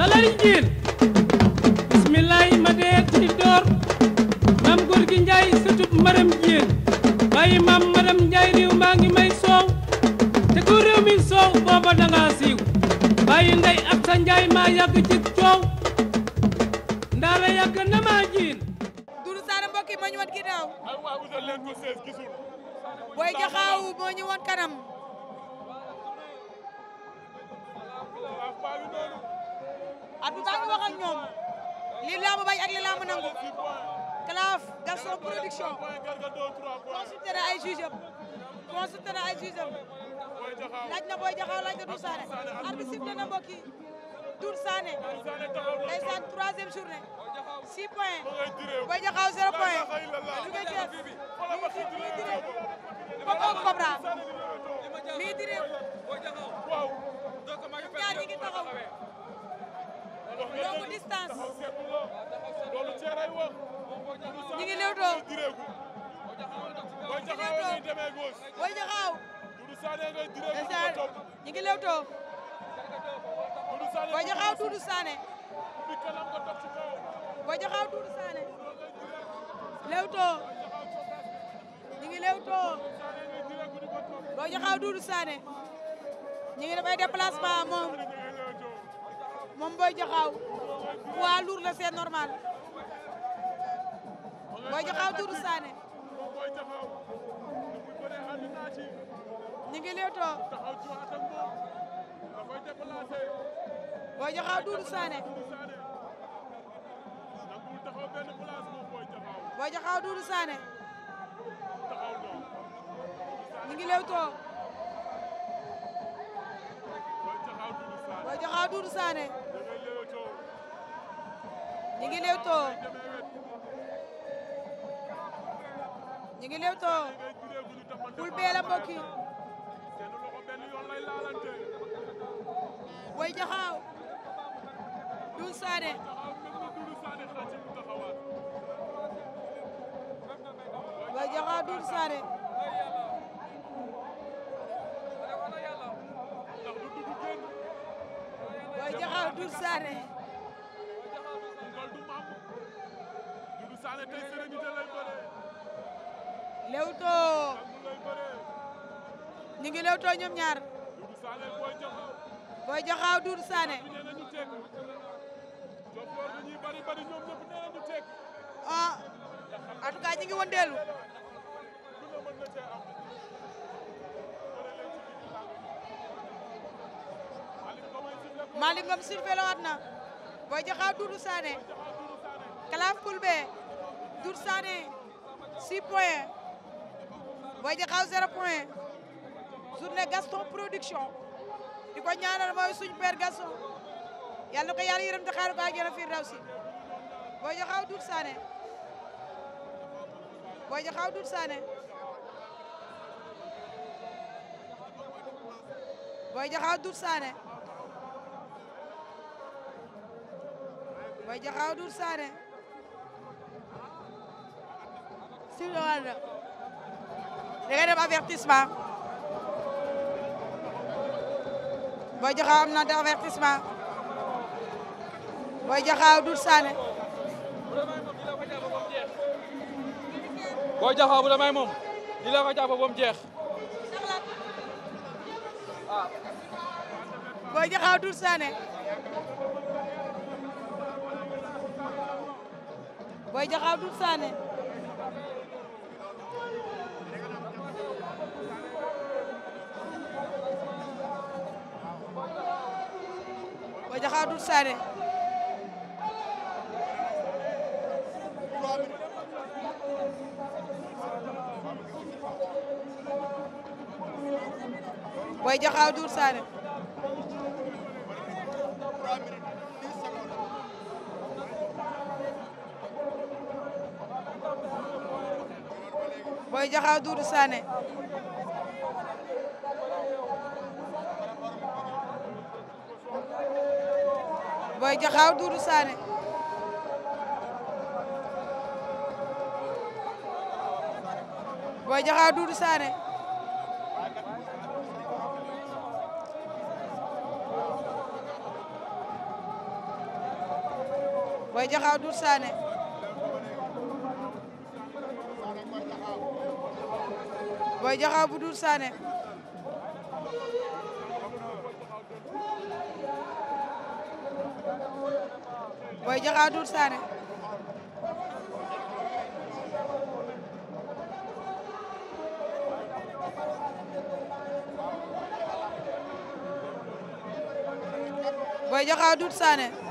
dalal njiin bismillaay ma dee ci door maam góor gi njaay sëtub maram jiin bàyyi maam maram njaay réew maa ngi may soow te ku réew mi soow booba danga siiw bàyyi ndey ak sa njaay maa yàgg ci coow ndaara yàgg na maa jiin Doudou Sané mbokki ma ñu woon ginnaaw booy jaxaaw moo ñu woon kanam at bi baa ngi wax ak ñoom li lamb bañ ak li lamb nangu Gaston production consulté na ay juge am consulté na ay juge am laaj na Boy Jaxaw laaj na Dour Sané at bi sifflé na mbokk yi Dour Sané ndeysaan troisième journée six points Boy Jaxaw zéro point duge Thiès mi ngi diree Poko Cobra mi ngi diree longue distance ñi ngi lewtoo Boy Diakhao ñi ngi lewtoo Boy Diakhao Doudou Sané Boy Diakhao Doudou Sané lewtoo ñi ngi lewtoo Boy Diakhao Doudou Sané ñi ngi def ay déplacement moom moom Boy Jaxaaw poids lourd la c'est normal Boy Jaxaaw Doudou Sané ñu ngi leetoo Boy Diakhao Doudou Sané ñi ngi lewtoo ñi ngi lewtoo bul bee Diakhao Doudou Sané Doudou eh. Sané lewto ñu ngi lewto ñoom ñaar Boy Sané eh. ah en ñi ngi Malick Ngom surveillé waat na Boy Jaxaw Doudou Sané Kalaf Koulbé Doudou Sané 6 points Boy Jaxaw 0 point Gaston production di ko ñaanal mooy Gaston yàlla ko yàlla yërëm te xaaral ko àjjana fi raw si Boy Jaxaw Boy Diakhao Doudou Sané sib na waat na da ngay dem avertissement Boy Diakhao am na de avertissement Boy Diakhao Doudou Sané Boy Diakhao bu damay moom Boy Jaxaw Doudou Sané Boy Jaxaw Doudou Boy Diakhao Doudou Sané Boy Diakhao Doudou Sané Boy Diakhao Boy Diakha bu Doudou Sané Boy Diakha Doudou Sané Boy Diakha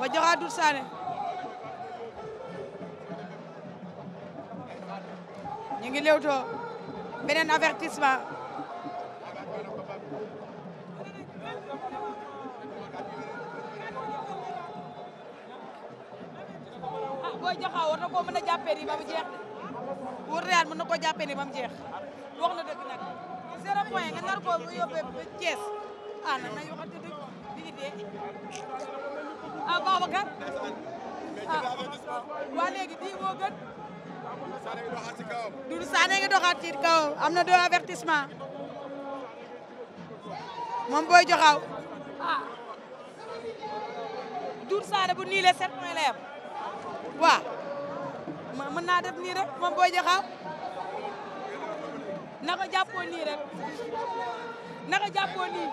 wa joxaa Doudou Sané ñu ngi lewtoo beneen avertissement ah booy joxaa war na koo mën a jàppee nii ba mu jeex de wóor na yàlla mën na koo jàppee nii ba mu jeex wax na dëgg nag zéro point nga nar koo yóbbee ba Thiès ah nan la ñu waxante dëgg bi ah Babacar ah waa léegi bii moo gën. Doudou Sané nga doxaat ci am na deux avertissement moom booy joxaw ah Doudou bu nii set sept point la ma mën naa def nii rek moom booy joxaw na ko jàppoo nii rek na ko jàppoo nii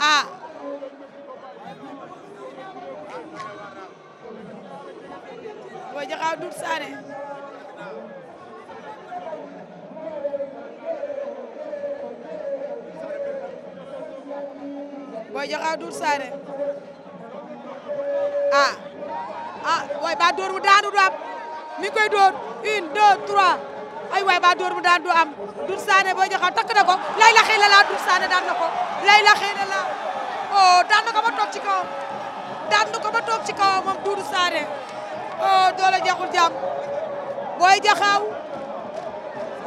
ah Boy Diakhao Doudou Sané Boy Diakhao Doudou Sané ah ah waay ba door mu daanu du am mi koy door une deux trois ay waay ba door mu daanu du am Doudou Sané Boy Jaxaw takk na ko lay la xëy na laa Doudou Sané daan na ko lay la daan na ko ba toog daan na ko ba toog ci kawam moom Doudou oh, doole jeexul jàmm Boy Jaxaw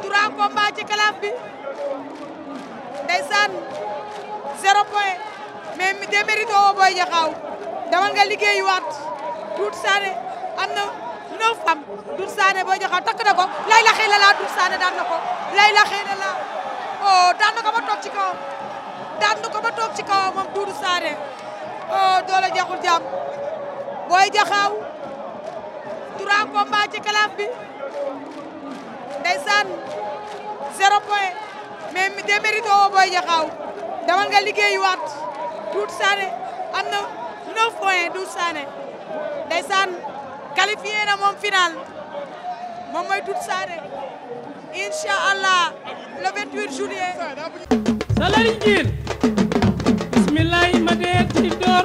trois combats ci calaf bi ndeysaan zéro point mais démérite woo Boy Jaxaw demal nga liggéeyu waat Doudou Sané am na neuf femmes Doudou Sané Boy Jaxaw takk na ko lay daan na Layla xëy na la oh daan ko ba toog ci kawam daan ko ba toog ci kawam moom Doudou Sané oh doole jeexul jàmm booy jaxaaw trois combats ci calaf bi ndeysaan zéro point mais mi démérite woo booy jaxaaw damal nga liggéeyuwaat Doudou Sané am na neuf points Doudou Sané ndeysaan qualifié na moom final moom mooy Doudou Sané incha allah le 28 ma dee ci door.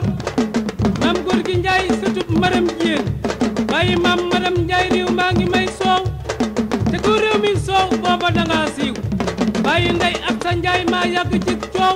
maam góor gi Ndiaye sëtub maram Dieng. bàyyi maam madame Ndiaye réew maa ngi may soow. te ku réew mi soow booba da siiw. bàyyi ndey ak sa Ndiaye maa yàgg ci coow.